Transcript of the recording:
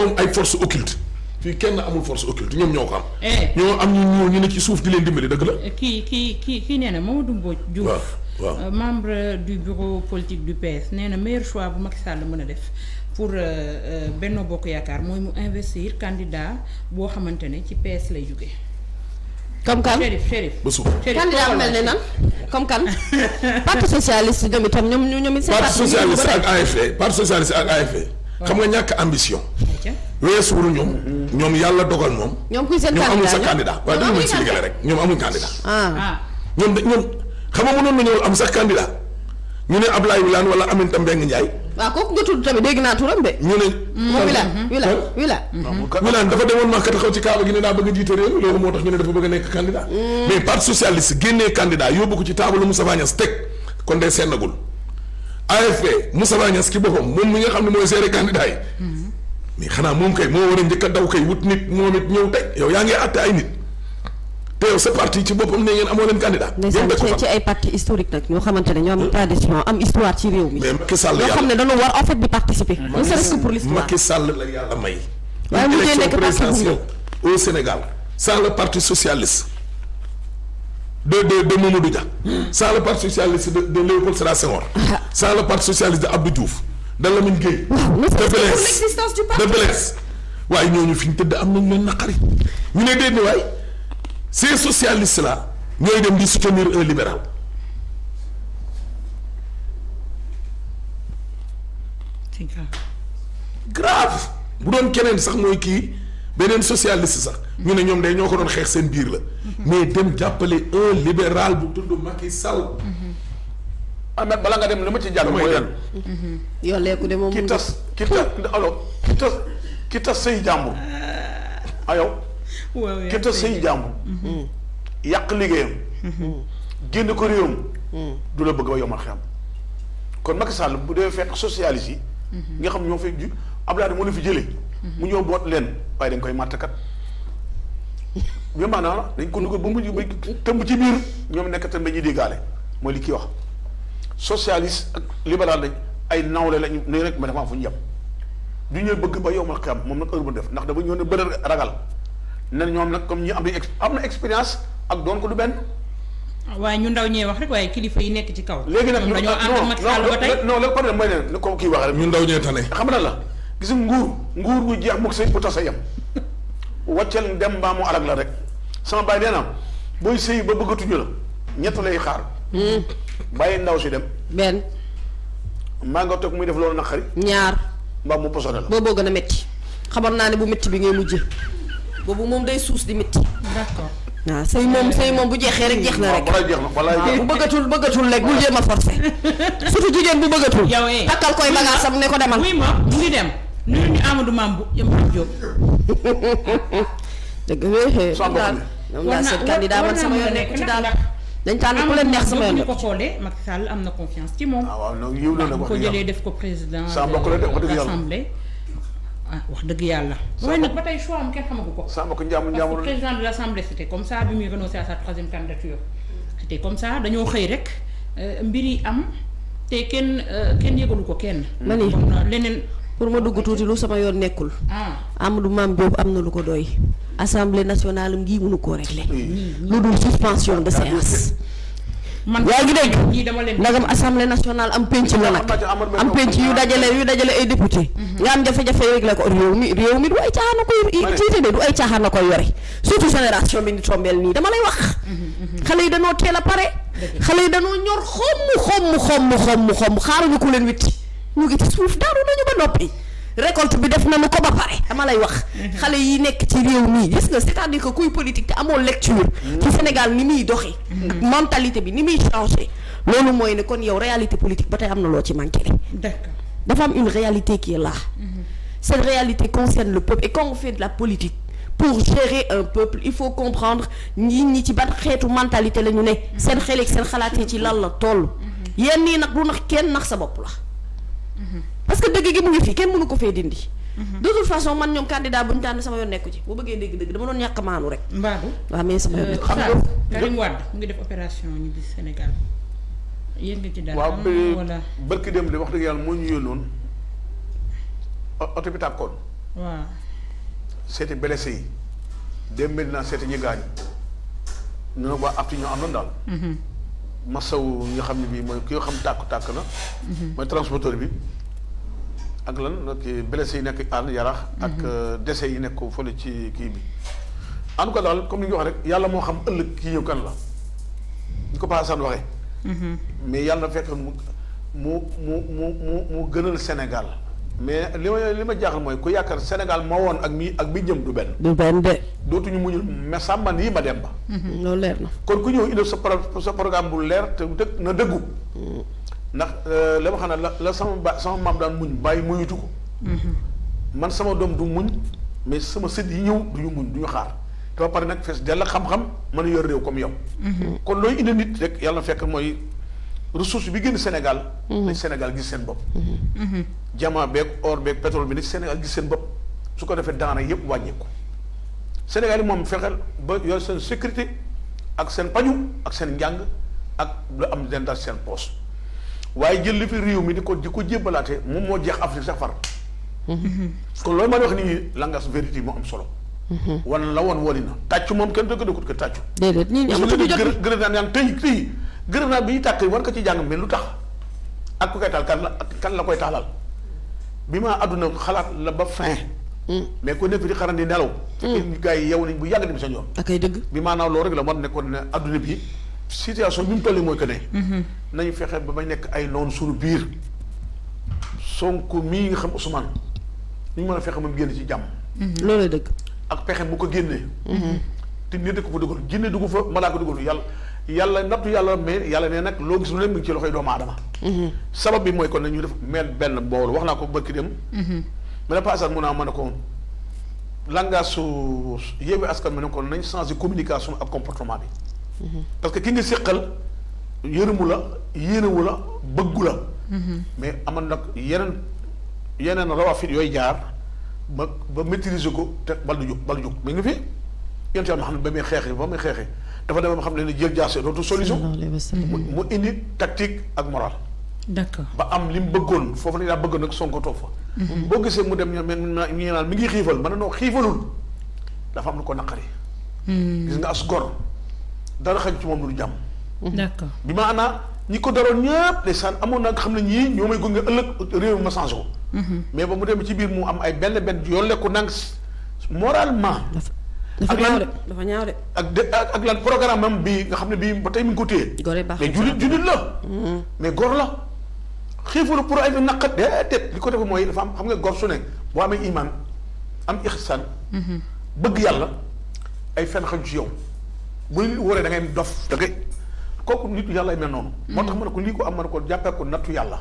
ñoom ay force occulte fii kenn amul force occulte ñoom ñoo ko am. Eh. ñoo am ñu ñoo ñu ne ci suuf di leen dimbali dëgg la. Eh, kii kii kii kii nee na Mamadou Mbodj Diouf euh, membre du bureau politique du PS nee na meilleur choix bu Macky Sall mën a def pour euh, euh, Benno Bokk Yaakaar mooy mu investir candidat boo xamante ne ci PS lay jóge comme kan Chérif Chérif ba suuf candidat mel ne nan comme kan parti socialiste ñoom itam ñoom ñoom it. E, parti socialiste ak AFP e. xam nga ñàkk ambition. weesu wu ñoom. Mm-hmm. ñoom yàlla dogal moom. ñoom kuy seen candidat ñoom amul sa candidat waaye rek ñoom amul candidat. Ah. Ah. ñoom da ñoom xam nga mënoon nañoo am sax candidat ne Ablaye Wilane wala Aminata Mbengue Ndiaye. waaw ah, kooku nga tudd tamit dégg naa turam de. ñu ne. moom Wilane Wilane Wilane. Mm-hmm. Mm-hmm. Wilane dafa demoon Màkka taxaw ci kaaba gi ne daa bëgg a jiite réew loolu moo tax ñu ne dafa bëgg a nekk candidat. Mm. mais parti socialiste génnee candidat yóbbu ko ci taabalu Moustapha Niasse teg kon day seenagul AFP Moustapha Niasse ki boppam moom mi nga xam ne mooy gérer candidat yi. mais xanaa moom kay moo war a njëkk a daw kay wut nit moom it ñëw teg yow yaa ngi àtte ay nit te yow sa parti ci boppam ne ngeen amoo leen candidat. yow ci ay parti historique nag ñoo xamante ne ñoo am hmm. tradition am histoire ci réew mi. mais Macky xam ne dañoo war en fait participer. ne serait-ce que pour l'histoire Macky Sall la yàlla may. waaye mu nekk parti au Sénégal sans le parti de de de Mamadou Dia. sans le parti socialiste de de Léopold Sédar Senghor. sans le parti socialiste de Abdou Diouf. de Lamine Gueye. de Blaise de Blaise waaye ñooñu fi ñu tëdd am nañ leen naqari ñu ne déedéet waay ces socialistes là ñooy dem di soutenir un libéral. bu doon keneen sax mooy kii. beneen socialiste sax ñu ne ñoom day ñoo ko doon xeex seen biir la mais dem jàppale un libéral bu tudd Macky Sall Ahmed bala nga dem lu ma ci jàll mooy lan mm-hmm. yolleeku de moom ki tas ki tas alors ki tas ki tas say jàmbur ah. ayow ki tas say jàmbur mm-hmm. yàq liggéeyam mm-hmm. génn ko réewam du la bëgg ba yomal xam kon Macky Sall bu dee fekk socialiste yi nga xam ñoo fay ju Abdoulaye moo la fi jëlee mu ñëw boot leen waaye dañ koy kat màttkat bi maanaam dañ kon dugal bu mu ba tëmb ci biir ñoom nekk tëmb ñuy déggaale mooy li kii wax socialiste ak libéral lañ ay nawle lañ ne rek ma dafa fu ñu yem du ñëw bëgg ba yow a xam moom nag heure bu def ndax dafa ñëw ne bëri ragal nen ñoom nag comme ñu am nañ am na expérience ak doon ko du benn. waaye ñu ndaw ñee wax rek waaye kilifa yi nekk ci kaw. léegi nag ñoom dañoo ànd ko kii wax rek. ñu ndaw ñee tane. xam na la. gis nguur nguur gu jeex mu sëy bu tasa yem wàccal dem mbaam mu alag la rek sama baay nee na booy sëy ba bëggatuñu la ñett lay xaar. Hmm. bàyyi ndaw si dem. benn. maa nga toog muy def loolu naqari. ñaar. mbaa mu posone la. booboo gën a ne bu métti bi ngay mujjee boobu moom day suus di métti. d'accord. waaw sëy moom sëy moom bu jeexee rek jeex na rek bu bëggatul bëggatul rek bul jéem a forcé surtout jigéen bu bëggatul. yow eh. takkal koy bagaasam ah. ne ko demal. ma mu dem. nuyu ñu Amadou Mame Yamb Diop. dëgg la. soo ko moom daal seen candidat man sama yoon nekk ci daal. dañ tànn ku leen neex sama yoon ko xoolee Macky Sall am na confiance ci moom. ah ko jëlee def ko président de l'Assemblée. ah wax dëgg yàlla. waaye nag ba tey choix am kenn xamagu ko. Samba ko njaamu njaamu parce que président de l'Assemblée c'était comme ça sa troisième candidature. dañoo xëy rek euh, mbir yi am te kenn euh, kenn yëgalu ko kenn. Euh, leneen. pour ma dugg tuuti lu sama yoon nekkul. Amadou Mame Diop am na lu ko doy. assemblée nationale am ngi mënu koo régler. lu dul suspension de séance. man yaa ngi dégg ndagam assemblée nationale am penc la nag am penc yu dajale yu dajale ay député mhm. nga am jafe-jafe réglé ko réew mi réew mi du ay caaxaan na koy yore surtout génération bi ñu tombeel nii dama lay wax mhm, mhm. xale yi danoo teel a pare xale yi danoo ñor xomm xomm xomm xomm xomm xaaruñu ku leen witti mu ngi ci suuf daanu nañu ba noppi récolte bi def nañu ko ba pare dama lay wax. xale yi nekk ci réew mii gis nga c'est-à-dire kuy politique te amoo lecture. ci Sénégal ni muy doxee. ak mentalité bi ni muy changé. loolu mooy ne kon yow réalité politique ba tey am na loo ci manqué d'accord dafa am une réalité kii est là. Mm-hmm. réalité concerne le peuple et quand on la politique. pour gérer un peuple il faut comprendre ñi ñi ci ban xeetu mantalité la ñu ne. Mm-hmm. seen xel seen xalaat yi ci lan la toll. Mm-hmm. yéen nii nag du nax kenn nax sa bopp la. parce que dëgg gi mu ngi fii kenn mënu ko fee dindi. Mhm. de toute façon man ñoom candidat bu ñu tànn sama yoon nekku ci bu bëggee dégg-dëgg dama doon ñàkk maanu rek. Mbadou waaw mais sama yoon euh, nekku xam nga Karim Wade mu dem de wax dëgg yàlla moo ñu yónnoon oto bi tàkkoon. waaw. seeti blessé yi. dem Medina seeti ñi gaañu ñu ne am na daal. Mhm. masawu ñi nga xam ne bii mooy ki nga xam tàkk-tàkk na. Mhm. mooy transporteur bi. ak lan kii blessé yi nekk ànd yarax ak mhm. euh, décès yi nekk fële ci kii bi. en tout cas daal comme li ñu wax rek yàlla moo xam ëllëg kii ñëw kan la ñu ko Paasan waxee. Mhm. mais yàlla fekk mu mu mu mu mu gënal Sénégal. mais li ma li ma jaaxal mooy ku yaakaar Sénégal moo woon ak mi ak mi jëm du benn. du benn de. dootuñu muñul mais sàmman yi dem ba. Mm-hmm. ku ñëw indil sa pro bu leer te dëgg na dëggu. Mm-hmm. ndax euh, la ma xam ne la la sama ba sama maam daan muñ bàyyi muñutu ko. Mm-hmm. man sama doom du muñ mais sama sët yi ñëw du ñu muñ du ñu xaar te ba pare nag fees dell xam-xam mën a yor réew comme yow. kon looy indi nit rek yàlla na fekk mooy. ressource bi gën Sénégal. nañ mhm. Sénégal gis seen bopp. Mhm. Mhm. jamaa beeg or beeg pétrole bi nañ Sénégal gis seen bopp su ko defee daana yëpp wàññeeku. Sénégal yi moom fexeel ba yor seen sécurité ak seen pañu ak seen njàng ak lu am denda seen poos waaye jël li fi réew mi di ko di ko jébbalaate moom moo jeex Afrique sa far. kon loolu ma di wax nit ñi langage vérité moo am solo. wan la woon woni na tàccu moom kenn dëgg dëggut ko tàccu. déedéet ñi ñu amatul gërëm naa bi ñu tàkk war ko ci jàng mais lu tax ak ku koy taal kan la kan la koy taalal bi maa àdduna xalaat la ba fin. Hmm. mais ko nekk di xaran di nelaw. fekk hmm. gars yi yow nañ bu yàgg dem sa ñoom. akay dëgg. bi maanaam loolu rek la war ne àdduna bi situation bi mu toll mooy que ne. Mm-hmm. nañu ba bañ nekk ay noonu suñu biir. Sonko mii nga xam Ousmane ñu mën a fexe moom génn ci jàmm. Mm-hmm. loolu dëgg. ak pexe bu ko génnee. Mm-hmm. te nit da ko fa dugal génne dugg fa malaaka dugalu yàlla. yàlla nattu yàlla mais yàlla nee nag loo gis lu ne mu ngi ci loxoy doomu aadama. Mhm. sabab bi mooy kon ne ñu def mel benn bool wax naa ko bëkk dem. Mhm. a passage mun naa mën a ko langage su Yewwi Askan Wi ne kon nañ changé communication ak comportement bi. Mhm. parce que ki nga séqal yërëmu la yéenewu la bëggu la. mais aman nag yeneen yeneen rawafit yooyu jaar ba ba maîtriser ko te bal du jóg bal du ngi fi. yéen tamit xam ne ba muy xeexee ba muy xeexee. dafa dem xam ne ni jël jaase dootu solution mu indi tactique ak moral d'accord ba am li mu bëggoon foofu lañ daa bëggoon nag Sonko toog fa mm-hmm. dem ñoom ñu naan mi ngi xiifal mën na noo xiifalul ko naqari mm-hmm. gis nga as gor dara xañ ci moom lu jàmm mm-hmm. d'accord bi ma ñi ko daroon ñëpp ndeysaan amoon naa xam ne ñii ñoo may gunge ëllëg réew ma changé ko mais ba mu dem ci biir mu am ay benn benn yoon lekku nang moralement dafa ñaaw de dafa ñaaw de. ak de ak lan programme bi nga xam ne bii ba tey mi ngi ko téye. mais jullit jullit la. Hmm. mais gor la. xiifulu pour ay naqat déedéet li ko def mooy dafa am xam nga gor su ne boo amee iman am ixsaan. Hmm. bëgg yàlla ay fen xaju ci yow bu ñu wóoree da ngay dof da ngay kooku nit yàlla ay mel noonu. moo tax hmm. ma a ko lii ko am ma ne ko jàppee ko nattu yàlla.